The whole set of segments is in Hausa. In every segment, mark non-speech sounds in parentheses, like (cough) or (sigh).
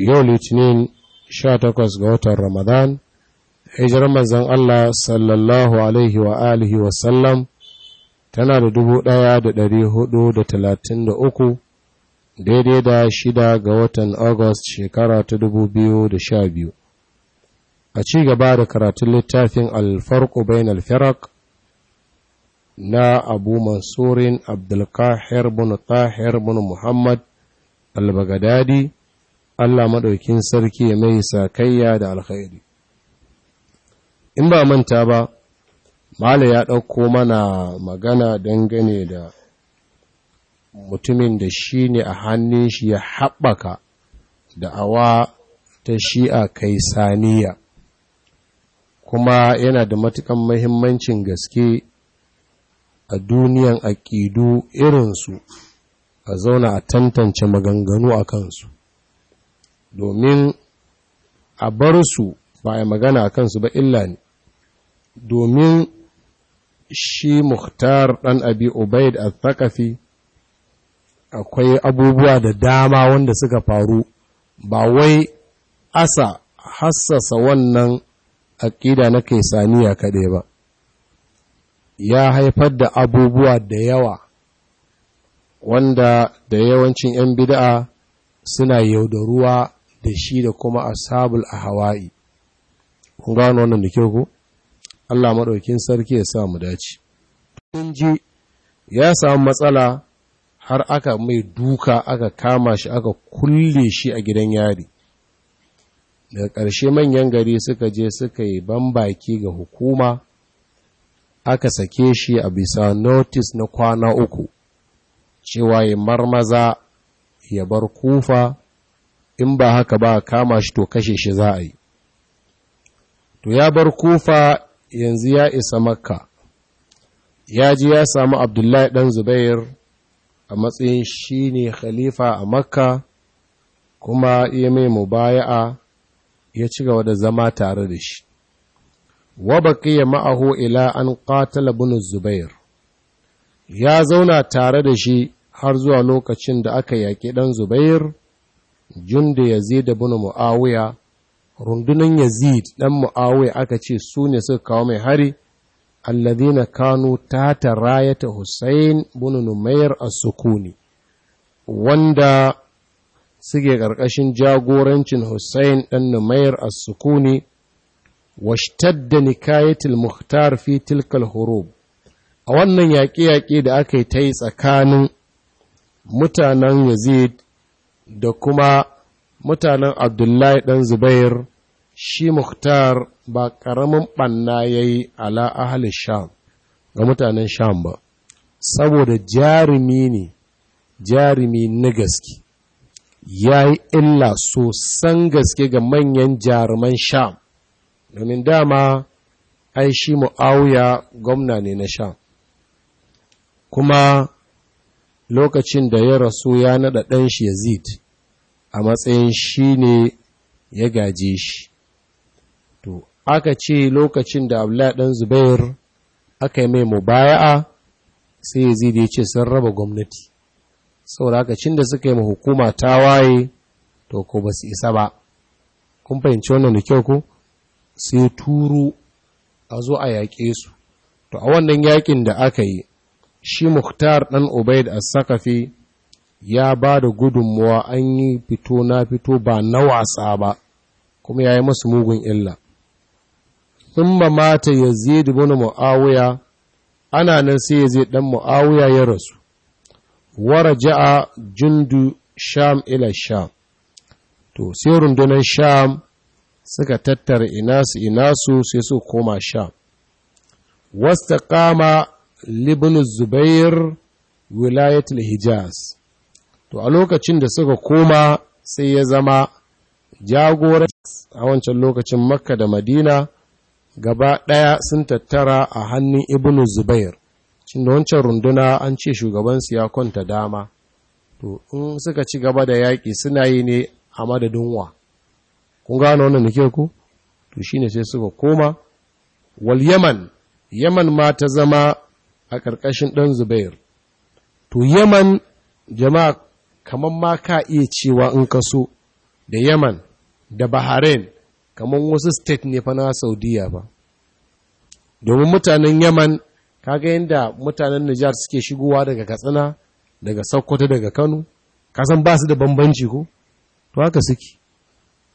yau litinin sha takwas ga watan ramadan hijirar manzan Allah sallallahu alaihi wa alihi wasallam tana da dubu ɗaya da dari hudu da talatin da uku daidai da shida ga watan agust shekara ta dubu biyu da sha biyu a ci gaba da karatun littafin alfarko bayan alfirak na abu mansurin abdulkahir bin tahir bin muhammad albagadadi Allah maɗaukin sarki ya mai sakayya da alkhairi in ba manta ba mala ya ɗauko mana magana dangane da mutumin da shi ne a hannun shi ya haɓaka da awa ta shi'a kai saniya kuma yana da matukan mahimmancin gaske a duniyan aƙidu irinsu a zauna a tantance maganganu a kansu domin a bar su ba a magana a kansu ba illa ne domin shi muhtar dan abi ubaid a thakafi akwai abubuwa da dama wanda suka faru ba wai asa hassasa wannan aƙida na kaisaniya kaɗai ba ya haifar da abubuwa da yawa wanda da yawancin 'yan bida'a suna yaudaruwa da shi da kuma a sabul a hawa'i kun gano wannan da kyau ku Allah maɗaukin sarki ya sa mu dace kun ji ya samu matsala har aka mai duka aka kama shi aka kulle shi a gidan yari daga ƙarshe manyan gari suka je suka yi banbaki ga hukuma aka sake shi a bisa notis na kwana uku cewa ya marmaza ya bar kufa in ba haka ba kama shi to kashe shi za a yi to ya bar kufa yanzu ya isa makka ya ji ya samu abdullahi ɗan zubair a matsayin shi ne khalifa a makka kuma ya mai mubaya'a ya ci gaba da zama tare da shi wa baqiya ma'ahu ila an qatala ibn zubair ya zauna tare da shi har zuwa lokacin da aka yaƙi ɗan zubair junda yazid ibn muawiya rundunan yazid dan muawiya aka ce su ne suka kawo mai hari alladhina kanu tata rayata husayn ibn numayr as-sukuni wanda suke ƙarƙashin jagorancin hussain ɗan Numair as-Sukuni washtadda nikayatul Muhtar fi tilkal hurub a wannan yaƙe-yaƙe da aka yi ta yi tsakanin mutanen Yazid da kuma mutanen abdullahi ɗan zubair shi muktar ba ƙaramin ɓanna ya yi ala ahalin sham ga mutanen sham ba saboda jarumi ne jarumi na gaske ya yi illa sosan gaske ga manyan jaruman sham domin dama ai shi mu gwamna ne na sham kuma lokacin da ya rasu ya naɗa ɗan shi yazid a matsayin shi ne ya gaje shi to aka ce lokacin da abdullahi ɗan zubair aka yi mai mubaya'a sai yazid ya ce sun raba gwamnati saboda haka cin da suka yi ma hukuma ta waye to ko ba su isa ba kun fahimci wannan da kyau ko sai turu a zo a yaƙe su to a wannan yaƙin da aka yi shi Muktar ɗan Ubaid a sakafi ya ba da gudunmuwa an yi fito na fito ba na wasa ba, kuma ya yi masu mugun illa. Thumma mata Yazid ibn Muawiya ana nan sai Yazid ɗan Muawiya ya rasu. Waraja'a jundu Sham ila Sham. To sai rundunar Sham suka tattara inasu inasu sai su koma Sham. kama libin zubair wilayatul hijaz to a lokacin da suka koma sai ya zama jagoran a wancan lokacin makka da madina gabaɗaya sun tattara a hannun ibn zubair cin da wancan runduna an ce shugabansu ya kwanta dama to in suka ci gaba da yaƙi suna yi ne a madadin wa kun gano wannan nake ku to shine sai suka koma wal yaman ma ta zama a ƙarƙashin ɗan zubair to yaman jama'a kamar ma ka iya cewa in ka so da yaman da bahrain kamar wasu state ne fa na saudiya ba domin mutanen yaman kaga yadda mutanen nijar suke shigowa daga katsina daga sokoto daga kano kasan ba su da bambanci ko to haka suke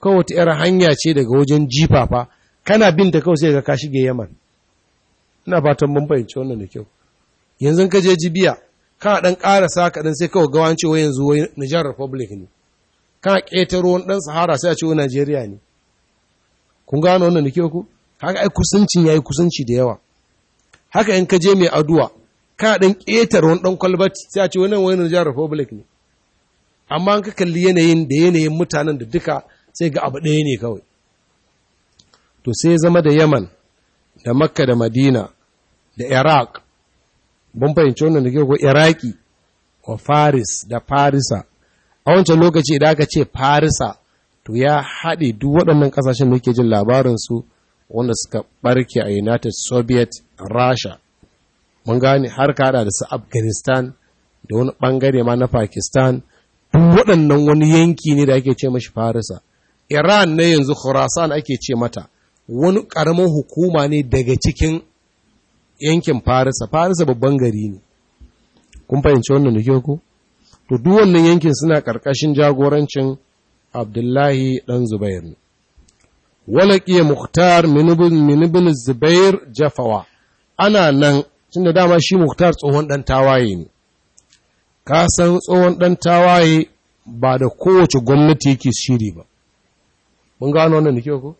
wata yar hanya ce daga wajen jifafa kana bin ta kawai sai ga ka shige yaman ina fatan mun fahimci wannan da kyau yanzu ka je jibiya kana ɗan ƙarasa kaɗan sai kawai gawa ce yanzu wai Niger Republic ne kana ƙetaro wani ɗan Sahara sai a ce wai Najeriya ne kun gano wannan da ke ku haka ai kusancin yayi kusanci da yawa haka in ka je mai aduwa kana ɗan ƙetaro wani ɗan kwalbati sai a ce wani wai Niger Republic ne amma an ka kalli yanayin da yanayin mutanen da duka sai ga abu ɗaya ne kawai to sai zama da Yaman da Makka da Madina da Iraq mun fahimci wannan da ko iraki wa faris da farisa a wancan lokaci idan aka ce farisa to ya haɗe duk waɗannan ƙasashen da ke jin labarinsu wanda suka ɓarke a united soviet russia mun gane har kaɗa da su afghanistan da wani ɓangare ma na pakistan duk waɗannan wani yanki ne da ake ce mashi farisa iran ne yanzu khurasan ake ce mata wani ƙaramin hukuma ne daga cikin yankin farisa farisa babban gari ne kun fahimci wannan da ko to duk wannan yankin suna karkashin jagorancin abdullahi dan zubair ne walaƙiya muhtar minibin zubair jafawa ana nan tunda dama shi muhtar tsohon ɗan tawaye ne ka san tsohon ɗan tawaye ba da kowace gwamnati yake shiri ba mun gano wannan da ko?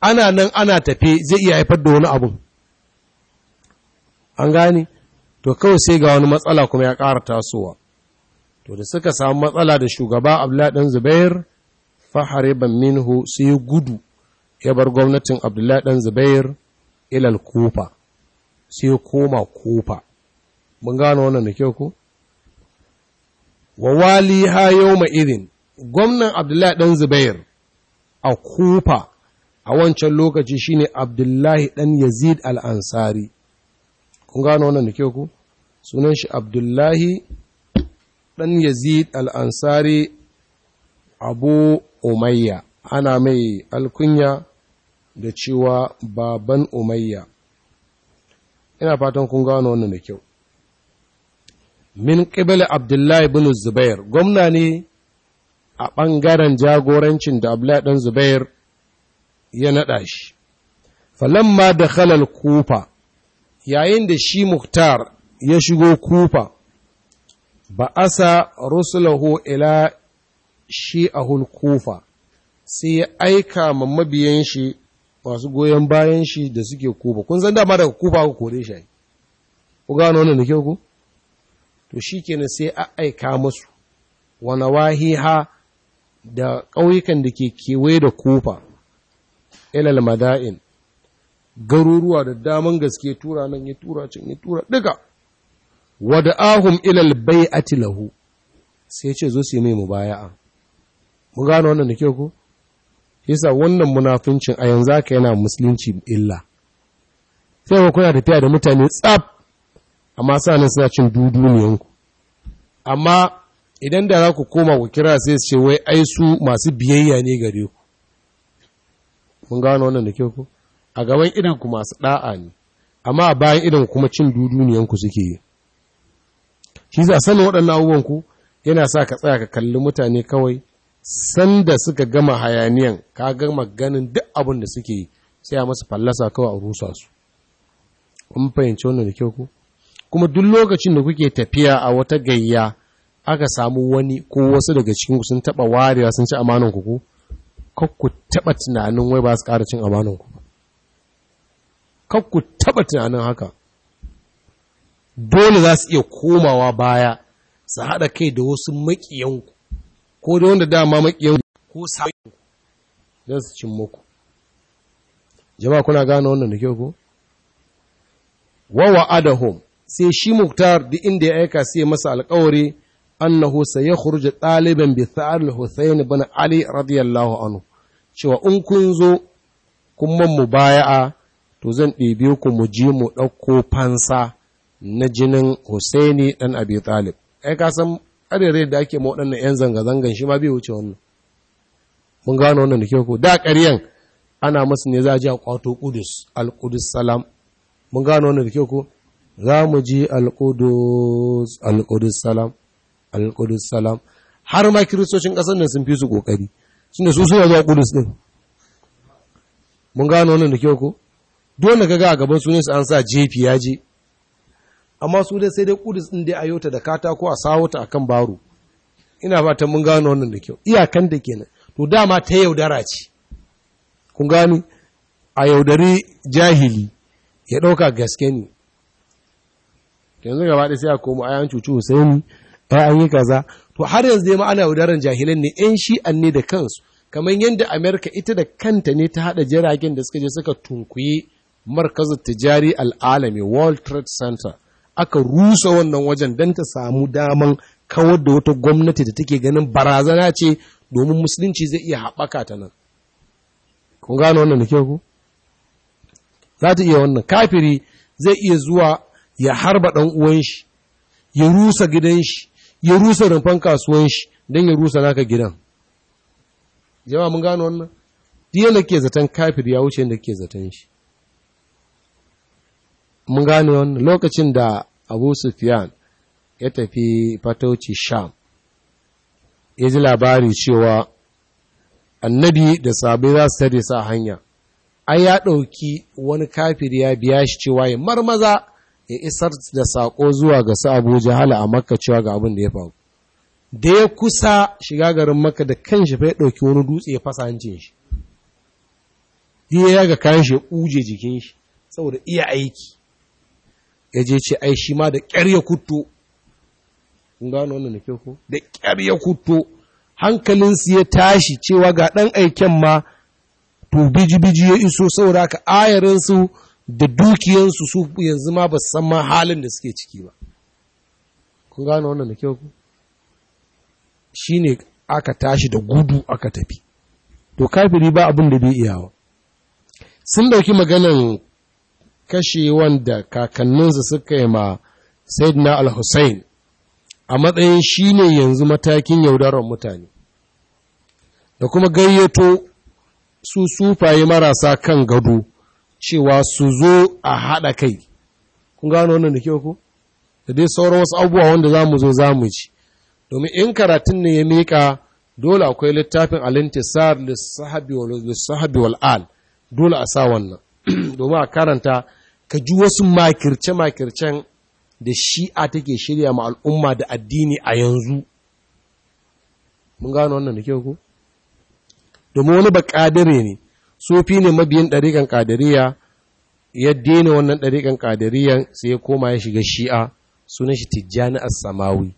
ana nan ana tafe zai iya haifar da wani abun an gane to kawai sai ga wani matsala kuma ya ƙara tasowa to da suka samu matsala da shugaba abdullahi ɗan zubair ban minhu sai ya gudu ya bar gwamnatin abdullahi ɗan zubair ilal kufa sai ya koma kufa mun gano wannan da kyau ko wa wali ha yawma idin gwamnan abdullahi ɗan zubair a kufa a wancan lokaci shine abdullahi ɗan yazid al-ansari kun gano wannan da kyau ku sunan shi abdullahi ɗan yazid al'ansari abu umayya ana mai alkunya da cewa baban umayya ina fatan kun gano wannan da kyau min ƙibali abdullahi bin zubair gwamna ne a ɓangaren jagorancin da abdullahi ɗan zubair ya naɗa shi falamma da halal kufa yayin da shi Muktar ya shigo kufa ba asa rusulahu ila a kufa sai ya aika ma mabiyan shi masu goyon bayan shi da suke kufa kun san dama daga kufa ku kore shi ku gano wannan da kyau ku to shikenan sai a aika musu wahi wahiha da ƙauyukan da ke kewaye da kufa ilal mada'in garuruwa da daman gaske tura nan ya tura can ya tura duka wada ahum ilal bai'ati lahu sai ce zo su yi mai mubaya'a mu gano wannan da kyau ko yasa wannan munafincin a yanzu haka yana musulunci illa sai ku kuna tafiya da mutane tsaf. amma sanin suna cin duduniyanku amma idan da za ku koma ku kira sai su ce wai ai su masu biyayya ne gare ku mun gano wannan da kyau ko a gaban idanku masu ɗa'a ne amma a bayan idan kuma cin duduniyanku suke yi shi za sani waɗannan abubuwanku yana sa ka tsaya ka kalli mutane kawai sanda suka gama hayaniyan ka gama ganin duk abin da suke yi sai a masu fallasa kawai a rusa su kun fahimci wannan da kyau ku kuma duk lokacin da kuke tafiya a wata gayya aka samu wani ko wasu daga cikin sun taba warewa sun ci amanan ku ko Kakku taba tunanin wai ba su ƙara cin amanan ku ku taɓa tunanin haka dole za su iya komawa baya su haɗa kai da wasu maƙiyanku ko da wanda dama makiyanku ko sa'inku don su cin muku jama'a kuna gane wannan da kyau ko wawa adahom sai shi muktar da inda ya aika sai masa alƙawari annahu kurje ɗaliban bi tha'ar al-Husayn Ali radiyallahu anhu cewa in kun zo kun baya a. to zan ɗebe ku mu ji mu ɗauko fansa na jinin Husaini ɗan Abi Talib. Ai, ka san adadin da ake waɗannan ‘yan zanga-zangan shi ma bai wuce wannan. Mun gano wannan da kyau ko, da ƙaryan ana masu ne za a ji a ƙwato Kudus, Al-Kudus Salam. Mun gano wannan da kyau ko, za mu ji Al-Kudus, Al-Kudus Salam, Al-Kudus Salam. Har ma kiristocin ƙasar nan sun fi su ƙoƙari, sun da su suna zuwa Kudus ɗin. Mun gano wannan da kyau ko, dole ga a gaban sunan su an sa jefi ya je amma su dai sai dai kudus din dai ayota da katako a sawota a akan baro ina fatan mun gano wannan da kyau iyakan da kenan to dama ta yaudara ce kun gani a yaudari jahili ya ɗauka gaske ne yanzu gaba da sai a komo ayan cuci husaini ai an yi kaza to har yanzu dai ma ana yaudaran jahilan ne yan shi'an ne da kansu kamar yadda amerika ita da kanta ne ta haɗa jiragen da suka je suka tunkuye markazin tijari al'alami world trade center aka rusa wannan wajen don ta samu daman kawar da wata gwamnati da take ganin barazana ce domin musulunci zai iya haɓaka ta nan kun gano wannan da ku za ta iya wannan kafiri zai iya zuwa ya harba ɗan uwan shi ya rusa gidan shi ya rusa rumfan kasuwan shi don ya rusa naka gidan jama'a mun gano wannan Diyan da ke zaton kafiri ya wuce da ke zaton shi mun gane wani lokacin da abu sufyan ya tafi fatauci sham ya ji labari cewa annabi da sabai za su tare sa hanya ai ya ɗauki wani kafiri ya biya shi cewa ya marmaza ya isar da sako zuwa ga su abu jahala a makka cewa ga abin da ya faru da ya kusa shiga garin makka da kan shi fa ya ɗauki wani dutse ya fasa hancin shi iya ya ga kayan shi ya ƙuje jikin shi saboda iya aiki ya je ce ai shi ma da ƙyar ya kutto kun gano wannan nake ko da ƙyar ya kutto hankalinsu ya tashi cewa ga ɗan aiken ma to biji-biji ya iso saura ka ayarinsu da dukiyansu su yanzu ma ba san ma halin da suke ciki ba kun gano wannan da kyau shi ne aka tashi da gudu aka tafi to kafiri ba abin da bai iyawa sun ɗauki maganan kashe wanda kakanninsa suka yi ma Saidina Al-Hussein a matsayin shi ne yanzu matakin yaudarar mutane, da kuma gayyato su sufaye marasa kan gado cewa su zo a haɗa kai. Kun gano wannan da kyau ku? Da dai sauran wasu abubuwa wanda za mu zo za mu ci. Domin in karatun ne ya miƙa dole akwai littafin alintisar da al dole a sa wannan. (clears throat) domin a karanta ka ji wasu makirce-makircen da shi'a take shirya ma al'umma da addini a yanzu mun gano wannan da kyau ko domin wani ba ƙadire ne sufi ne mabiyin ɗariƙan ƙadiriya ya daina wannan ɗariƙan ƙadiriyan sai ya koma ya shiga shi'a sunan shi tijjani as-samawi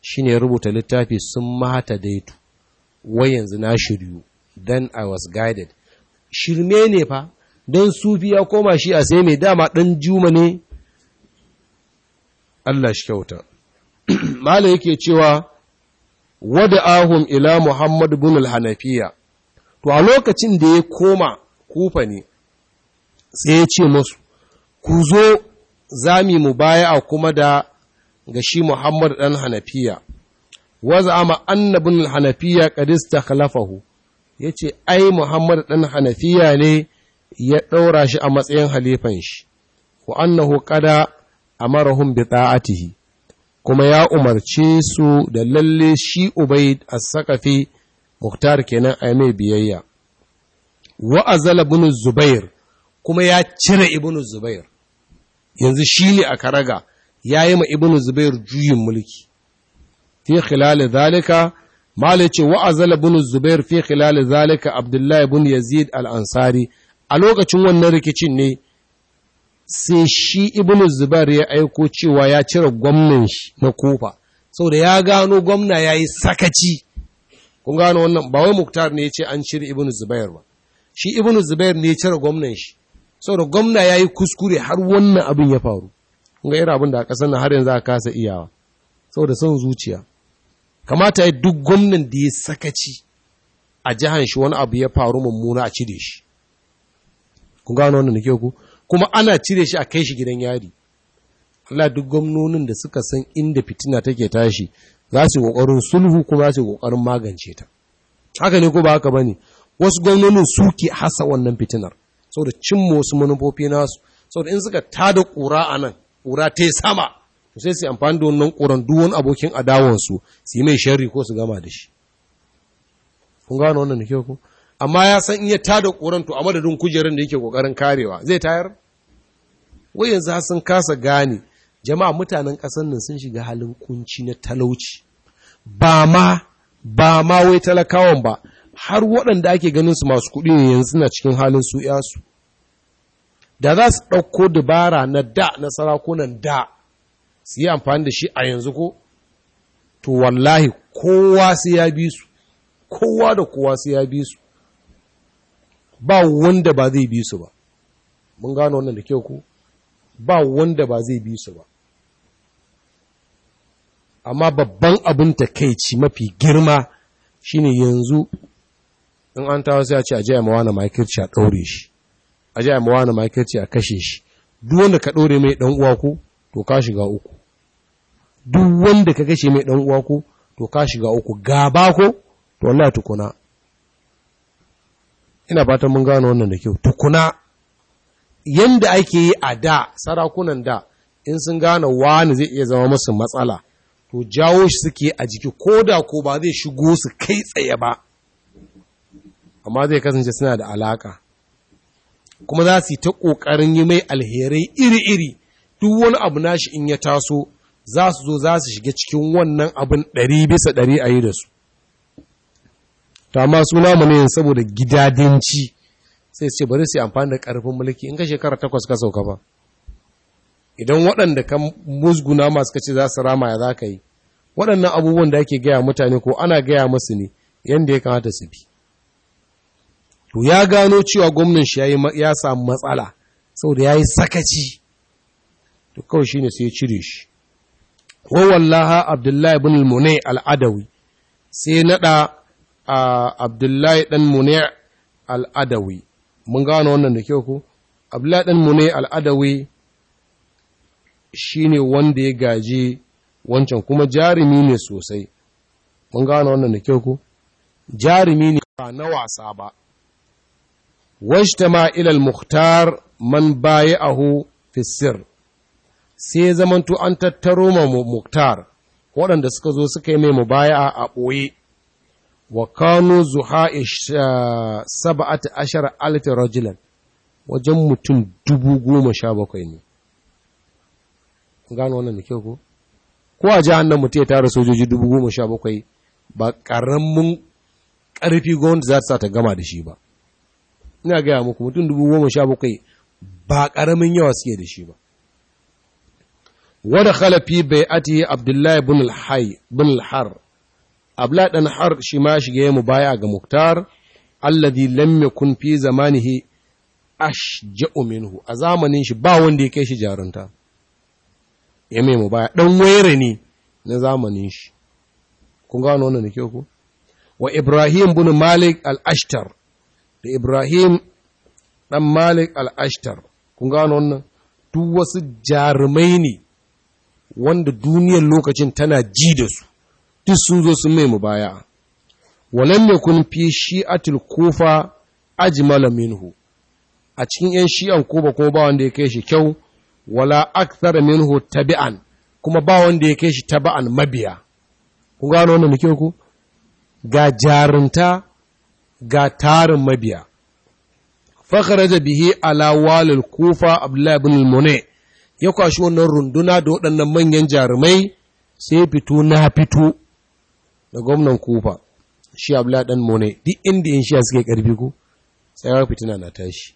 shine ya rubuta littafi sun mata daitu wai yanzu na shiryu then i was guided shirme ne fa don sufi ya koma shi a sai mai dama ɗan juma ne Allah shi kyauta (clears throat) mala yake cewa wada ahun ila Muhammadu bin al to a lokacin da ya koma kufa ne sai ya ce musu ku zo zami mu baya a kuma da ga shi Muhammadu ɗan hanafiya waza ama annabin hanafiya ƙadista khalafahu ya ce ai Muhammadu ɗan hanafiya ne ya ɗaura shi a matsayin halifan shi wa annahu ƙada a marahun bita'atihi, kuma ya umarce su da lalle shi ubai a sakafi Muktar kenan a mai biyayya wa azala bin zubair kuma ya cire ibn zubair yanzu shi shine a karaga yi ma ibn zubair juyin mulki fi khilali zalika mala ce wa azala bin zubair fi khilali zalika abdullahi bin yazid al-ansari a lokacin wannan rikicin ne sai shi ibn zubar ya aiko cewa ya cire gwamnan shi na sau da ya gano gwamna ya yi sakaci kun gano wannan ba wai muktar ne ya ce an cire ibn zubair ba shi ibn zubair ne ya cire gwamnan shi da gwamna ya yi kuskure har wannan abin ya faru kun ga irin abin da a ƙasar har yanzu a kasa iyawa da son zuciya kamata ya duk gwamnan da ya sakaci a jihar shi wani abu ya faru mummuna a cire shi Ku gano wannan nake ku kuma ana cire shi a kai shi gidan yari Allah duk gwamnonin da suka san inda fitina take tashi za su kokarin sulhu kuma za su kokarin magance ta haka ne ko ba haka bane wasu gwamnonin suke hasa wannan fitinar saboda cimma wasu manufofi nasu saboda in suka tada kura anan nan kura ta sama to sai su amfani da wannan kuran duk abokin adawansu su yi mai sharri ko su gama da shi kun gano wannan da ku? amma ya san in ya tada ƙoranto a madadin kujerar da yake ƙoƙarin karewa zai tayar wai yanzu sun kasa gane jama'a mutanen ƙasar nan sun shiga halin kunci na talauci ba ma ba ma wai talakawan ba har waɗanda ake ganin su masu kuɗi ne yanzu na cikin halin su yasu da za su ɗauko dabara na da na sarakunan da su yi amfani da shi a yanzu ko to wallahi kowa su ya bi su kowa da kowa su ya bi su ba wanda ba zai bi su ba mun gano wannan da kyau ku ba wanda ba zai bi su ba amma babban abin takeici mafi girma shine yanzu in an tawo sai a ce a je mawa na makirci a ɗaure shi a je mawa na makirci a kashe shi duk wanda ka ɗaure mai ɗan uwa ko to ka shiga uku duk wanda ka kashe mai ɗan uwa ko to ka shiga uku gaba ko to wallahi tukuna ina fatan mun gano wannan da kyau tukuna yanda ake yi a da sarakunan da in sun gane wani zai iya zama musu matsala to jawo shi suke a jiki ko da ko ba zai shigo su kai tsaye ba amma zai kasance suna da alaka kuma za su yi ta ƙoƙarin yi mai alherai iri-iri duk wani abu nashi in ya taso za su zo za su shiga cikin wannan abin ɗari bisa ɗari a yi da su to amma suna mu ne saboda gidadinci sai ce bari su amfani da karfin mulki in ka shekara takwas ka sauka ba idan waɗanda kan musguna masu kace za su rama ya za ka yi waɗannan abubuwan da ake gaya mutane ko ana gaya musu ne yadda ya kamata su bi to ya gano cewa gwamnan shi ya samu matsala saboda ya yi sakaci to kawai shi ne sai ya cire shi wawallaha abdullahi bin al-munai al-adawi sai naɗa a Abdullahi ɗan Mune al'adawi, mun gano wannan da kyau ku? Abdullahi ɗan Mune al'adawi shi ne wanda ya gaji wancan kuma jarumi ne sosai, mun gano wannan da kyau ku? Jarumi ne ba na wasa ba. ma ilal Mukhtar man baya hu fisir, sai zamantu an tattaro ma Mukhtar waɗanda suka zo suka yi mai mubaya'a a ɓoye. wa kanu zuha ah, saba'ata ashar alfi rajulan wajen mutum dubu goma sha bakwai ne gano wannan da kyau ko ko a jihar nan ya tara sojoji dubu goma sha bakwai ba ƙaramin ƙarfi gwamnati za ta sa ta gama da shi ba ina gaya muku mutum dubu goma sha bakwai ba ƙaramin yawa suke da shi ba wada khalafi bai ati abdullahi bin abla dan har shi ma shige mu baya ga muktar alladhi lam yakun fi zamanihi ashja'u minhu a zamanin shi ba wanda ya kai shi jarunta ya mai mu baya dan wayere ne na zamanin shi kun ga wannan ke ku wa ibrahim ibn malik al-ashtar da ibrahim dan malik al-ashtar kun ga wannan duk wasu jarumai ne wanda duniyar lokacin tana ji da su duk sun zo sun mai mubaya walam yakun fi shi'atil kufa ajmala minhu a cikin yan shi'an koba kuma ba wanda ya kai shi kyau wala akthar minhu tabi'an kuma ba wanda ya kai shi taba'an mabiya ku gano wannan muke ku ga jarunta ga tarin mabiya fakharaja bihi ala walil kufa abdullahi ibn al-munay ya kwashi wannan runduna da waɗannan manyan jarumai sai fito na fito da gwamnan kufa shi abla dan mone duk inda in shi suke karfi ko sai fitina na tashi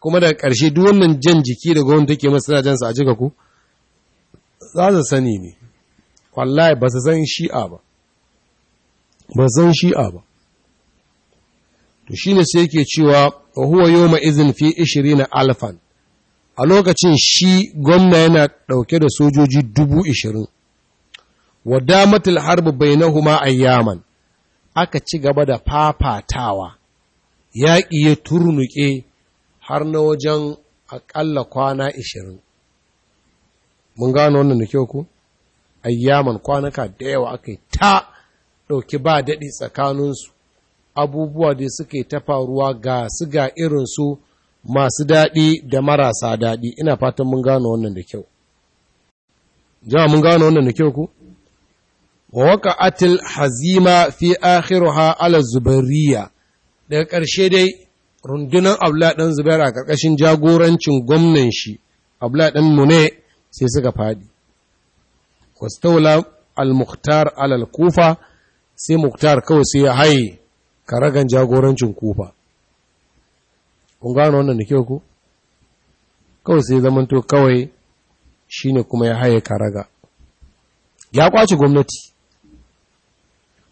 kuma daga karshe duk wannan jan jiki da gwamnati take masa jan jansa a jika ku za su sani ne wallahi ba su san shi'a ba ba su san shi'a ba to shine sai yake cewa huwa yawma izin fi 20 alfan a lokacin shi gwamna yana dauke da sojoji dubu ishirin wa damatul harbu bainahuma ayyaman aka ci gaba da fafatawa yaƙi ya turnuƙe har na wajen aƙalla kwana ishirin mun gano wannan da kyau ku ayyaman kwanaka da yawa aka yi ta ɗauki ba daɗi tsakaninsu abubuwa da suke ta faruwa ga su ga irinsu masu daɗi da marasa daɗi ina fatan mun gano wannan da kyau jama mun gano wannan da kyau ku wa waka atil hazima fi akhiruha ala zubairiya daga ƙarshe dai rundunar abla ɗan zubair a ƙarƙashin jagorancin gwamnan shi abla ɗan mune sai suka faɗi wastaula al-mukhtar alal kufa sai mukhtar kawai sai ya haye karagan jagorancin kufa kun gano wannan da kyau ku kawai sai zamanto kawai shine kuma ya haye karaga ya kwace gwamnati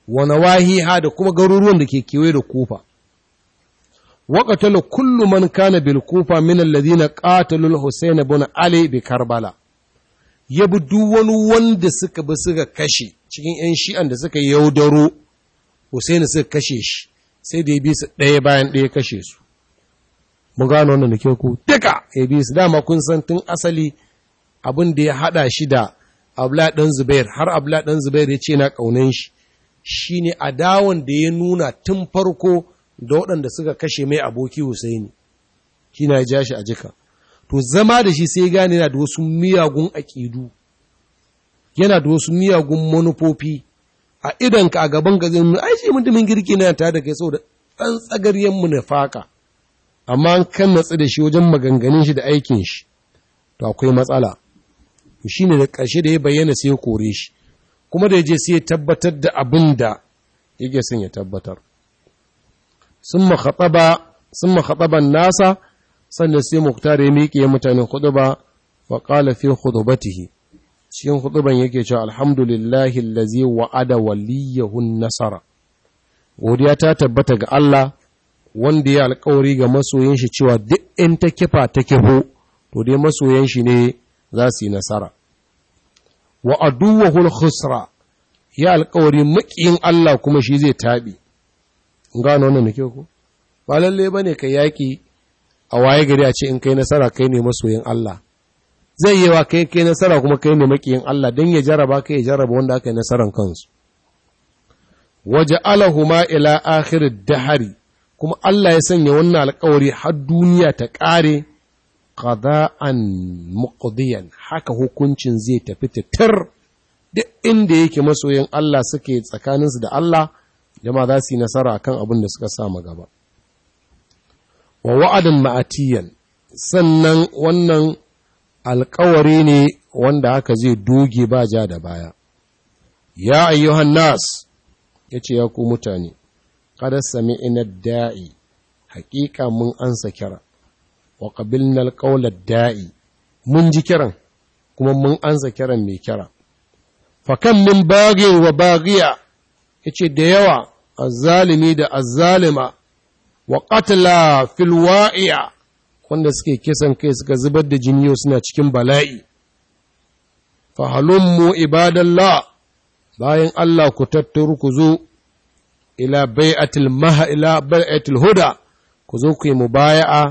wa nawahiha da kuma garuruwan da ke kewaye da kufa kana bil kufa min alladhina qatalu al-husayn ibn Ali bi Karbala. yabi duk wani wanda suka bi suka kashe cikin 'yan shi'an da suka yaudaro Hussein suka kashe shi sai da ya bi su ɗaya bayan ɗaya kashe su mun gano wannan da ke ku duka ya bi su dama kun san tun asali abin da ya haɗa shi da abla ɗan zubair har abla ɗan zubair ya ce na ƙaunan shi Shi shine adawan da ya nuna tun farko da waɗanda suka kashe mai aboki Husaini shi na ja shi a jika to zama da shi sai gane yana da wasu miyagun aƙidu yana da wasu miyagun manufofi a idanka a gaban ga zai ai shi mutumin girki na tare da kai saboda ɗan tsagaryen mu nafaka amma kan natsu da shi wajen maganganun shi da aikin shi to akwai matsala to ne da ƙarshe da ya bayyana sai ya kore shi kuma da ya je sai ya tabbatar da abin da yake son ya tabbatar sun makhaɓaɓan nasa sannan sai muktar ya miƙe ya mutane huduba wa ƙala fi hudubatihi cikin huduban yake cewa alhamdulillahi lazi wa'ada waliyahun nasara godiya ta tabbata ga Allah wanda ya alkawari ga masoyin shi cewa duk in ta kifa ta kifo to dai masoyan shi ne za su yi nasara wa aduwahul khusra ya alkawari makiyin Allah kuma shi zai taɓi gano wannan nake ku ba lalle bane ka yaki a waye gari a ce in kai nasara kai ne masoyin Allah zai yi wa kai kai nasara kuma kai ne makiyin Allah don ya jaraba kai ya jaraba wanda aka yi nasaran kansu waje ma ila akhir dahari kuma Allah ya sanya wannan alkawari har duniya ta ƙare qada'an muqdiyan haka hukuncin zai tafi tar da inda yake masoyin Allah suke tsakaninsu da Allah jama za su yi nasara a kan abin da suka sa gaba wa wa'adin ma'atiyan sannan wannan alkawari ne wanda haka zai doge ba ja da baya ya ayyuhan nas ce ya ku mutane sami ina da'i haƙiƙa mun ansa kira wa qabilna da'i mun ji kiran kuma mun ansa kiran mai kira fakan min bagin wa bagiya yace da yawa azzalimi da azzalima wa qatla filwa’iya, wanda suke kisan kai suka zubar da jini suna cikin bala'i fa mu ibadallah bayan Allah ku tattaru ku zo ila bai'atil maha ila bai'atil huda ku zo ku yi mubaya'a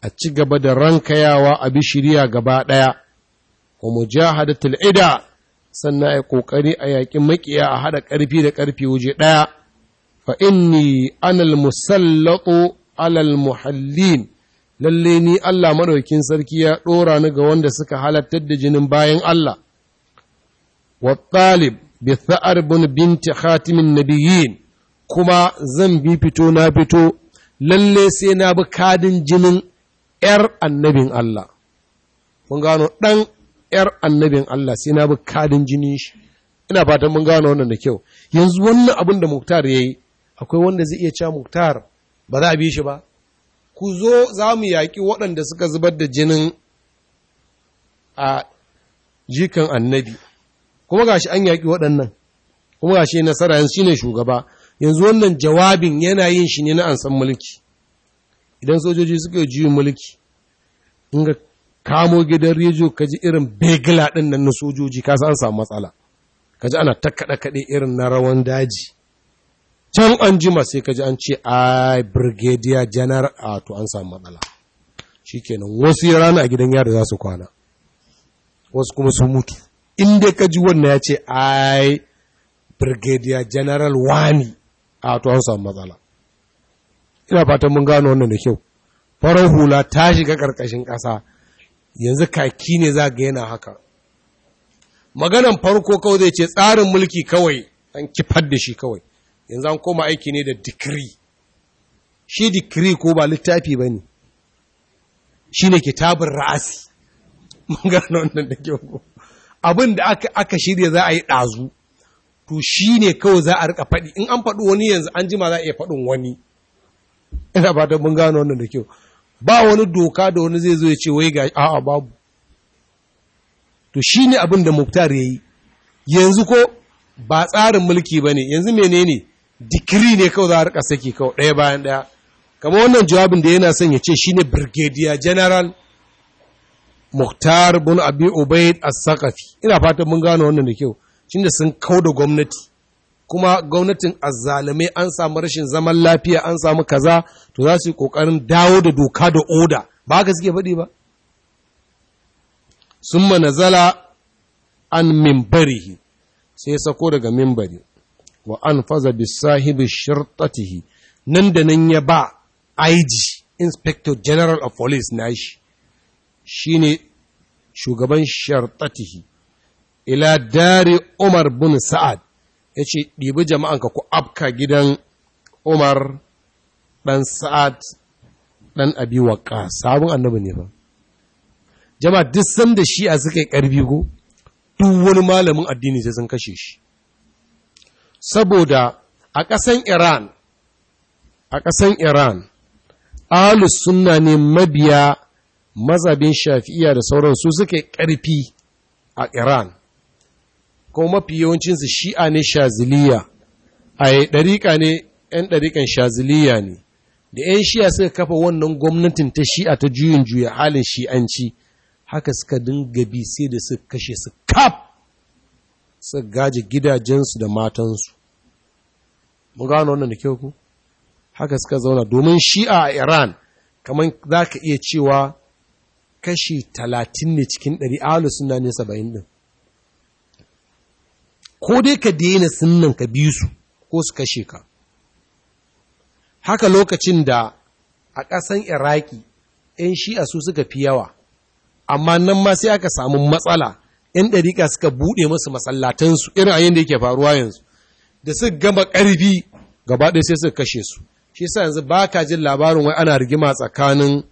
a ci gaba da rankayawa a shirya gaba ɗaya wa mujahadatul ida sannan ai kokari a yakin makiya a hada karfi da karfi waje daya fa inni anal musallatu alal muhallin lalle ni Allah madaukin sarki ya dora ni ga wanda suka halattar da jinin bayan Allah wa talib bi tha'ar bin binti khatimin nabiyyin kuma zan bi fito na fito lalle sai na bi kadin jinin ‘yar annabin Allah, mun gano ɗan 'yar annabin Allah sai na bi kadin jinin shi ina fatan mun gano wannan da kyau yanzu wannan abin da Muktar ya yi akwai wanda zai iya ca Muktar ba za a bi shi ba ku zo za mu yaƙi waɗanda suka zubar da jinin a jikan annabi kuma ga shi an yaƙi waɗannan kuma ga shi nasara yanzu shine shugaba yanzu wannan jawabin yana yin shi ne na ansan mulki idan sojoji suka yi juyin mulki in ga kamo gidan rediyo ka ji irin begila ɗin nan na sojoji ka san an samu matsala ka ji ana ta kaɗe irin na rawan daji can an jima sai ka ji an ce a brigadier general a to an samu matsala shikenan wasu rana a gidan yari za su kwana wasu kuma su mutu in dai ka ji wannan ya ce ai brigadier general wani a to an samu matsala ina fatan mun gano wannan da kyau farar hula ta shiga ƙarƙashin ƙasa yanzu kaki ne za ga yana haka maganan farko kawai zai ce tsarin mulki kawai an kifar da shi kawai yanzu an koma aiki ne da dikiri shi dikiri ko ba littafi ba ne shi ne kitabin ra'asi maganan wannan da kyau abin da aka shirya za a yi ɗazu to shi ne kawai za a rika faɗi in an faɗi wani yanzu an jima za a iya faɗin wani ina ba ta mun gano wannan da kyau ba wani doka da wani zai zo ya ce wai ga a'a babu to shi ne abin da muktar ya yi yanzu ko ba tsarin mulki ba ne yanzu menene dikiri ne kawai za a rika saki kawai ɗaya bayan ɗaya kamar wannan jawabin da yana son ya ce shi ne brigadier general muktar bin abi ubaid as-saqafi ina fatan mun gano wannan da kyau shine sun kau da gwamnati kuma gwamnatin azzalumai an samu rashin zaman lafiya an samu kaza to za su yi ƙoƙarin dawo da doka da oda ba haka suke faɗi ba sun manazala an mimbarihi sai sako daga mimbari wa an faza bisahibi shirtatihi nan da nan ya ba IG Inspector General of Police na shi shine shugaban shirtatihi ila dari Umar bin Sa'ad ya ce ɗibi jama'anka ku Abka gidan umar ɗan sa'ad ɗan abi waƙa sabon annabi ne ba jama'a duk sanda shi'a suka yi ƙarfi ko duk wani malamin addini sai sun kashe shi saboda a ƙasan iran a ƙasan iran alus suna ne mabiya mazabin shafi'iya da sauransu suka yi ƙarfi a iran kuma mafi yawancinsu shi'a ne shaziliya a yi ɗariƙa ne ‘yan ɗariƙan shaziliya ne da ‘yan shi'a suka kafa wannan gwamnatin ta shi'a ta juyin juya halin shi'anci haka suka dinga bi sai da suka kashe su kaf suka gaji gidajensu da matansu mun gano wannan da kyau ku haka suka zauna domin shi'a a iran kamar za ka iya cewa kashi talatin ne cikin ɗari alu suna ne saba'in ɗin ko dai ka daina sunnan ka bi su ko su kashe ka haka lokacin da a ƙasan iraki 'yan shi'a su suka fi yawa amma nan ma sai aka samu matsala 'yan ɗariƙa suka buɗe masu masallatansu irin a yadda yake faruwa yanzu da su gama ƙarfi gaba ɗaya sai suka kashe su shi sa yanzu ba ka jin labarin wai ana rigima tsakanin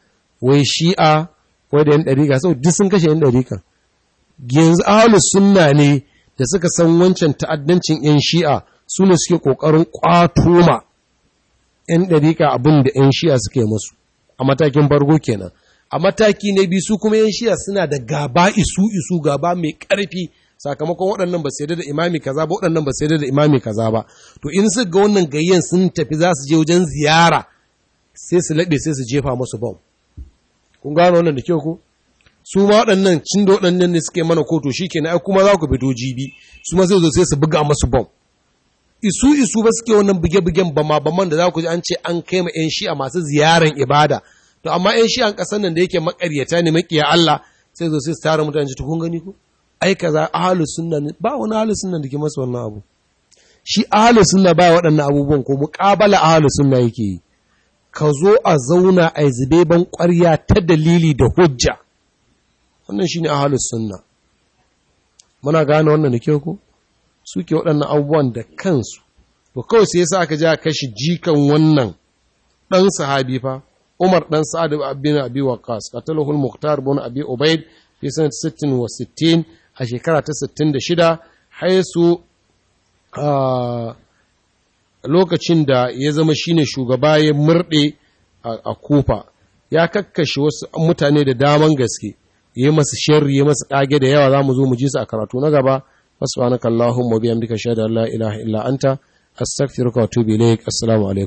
wai shi'a wai da 'yan ɗariƙa sau duk sun kashe 'yan ɗariƙa yanzu ahalu sunna ne da suka san wancan ta'addancin 'yan shi'a su ne suke ƙoƙarin ƙwato ma 'yan ɗariƙa abin da 'yan shi'a suke masu a matakin Bargo kenan a mataki na biyu su kuma 'yan shi'a suna da gaba isu isu gaba mai ƙarfi sakamakon waɗannan ba sai da imami kaza ba waɗannan ba sai da imami kaza ba to in su ga wannan gayyan sun tafi za su je wajen ziyara sai su laɗe sai su jefa musu bom kun gano wannan da kyau ko su ma waɗannan cin da waɗannan ne suke mana koto shi ke na kuma za ku fito jibi su ma sai zo sai su buga masu bom isu isu ba suke wannan buge-bugen ba ma ban da za ku ji an ce an kai ma 'yan shi'a masu ziyaran ibada to amma 'yan an ƙasar nan da yake makaryata ne makiya Allah sai zo sai su tara mutane ji kun gani ko ai kaza ahlus sunna ne ba wani ahlus sunna da ke masa wannan abu shi ahlus sunna ba waɗannan abubuwan ko muqabala ahlus sunna yake yi ka zo a zauna a ban ƙwarya ta dalili da hujja wannan shi a ahlus sunna muna gane wannan da kyau ko suke waɗannan abubuwan da kansu ba kawai sai yasa aka ja kashi jikan wannan ɗan sahabi fa Umar ɗan Sa'ad bin Abi Waqqas qatalahu al-Muqtar bin Abi Ubaid fi wa 66 a shekara ta 66 haisu lokacin da ya zama shine shugaba ya murɗe a Kufa ya kakkashe wasu mutane da daman gaske yi masu sharri yi masu kage da yawa zamu zo mu ji su a karatu na gaba subhanakallahumma wa bihamdika shada la ilaha illa anta astaghfiruka wa atubu ilaik assalamu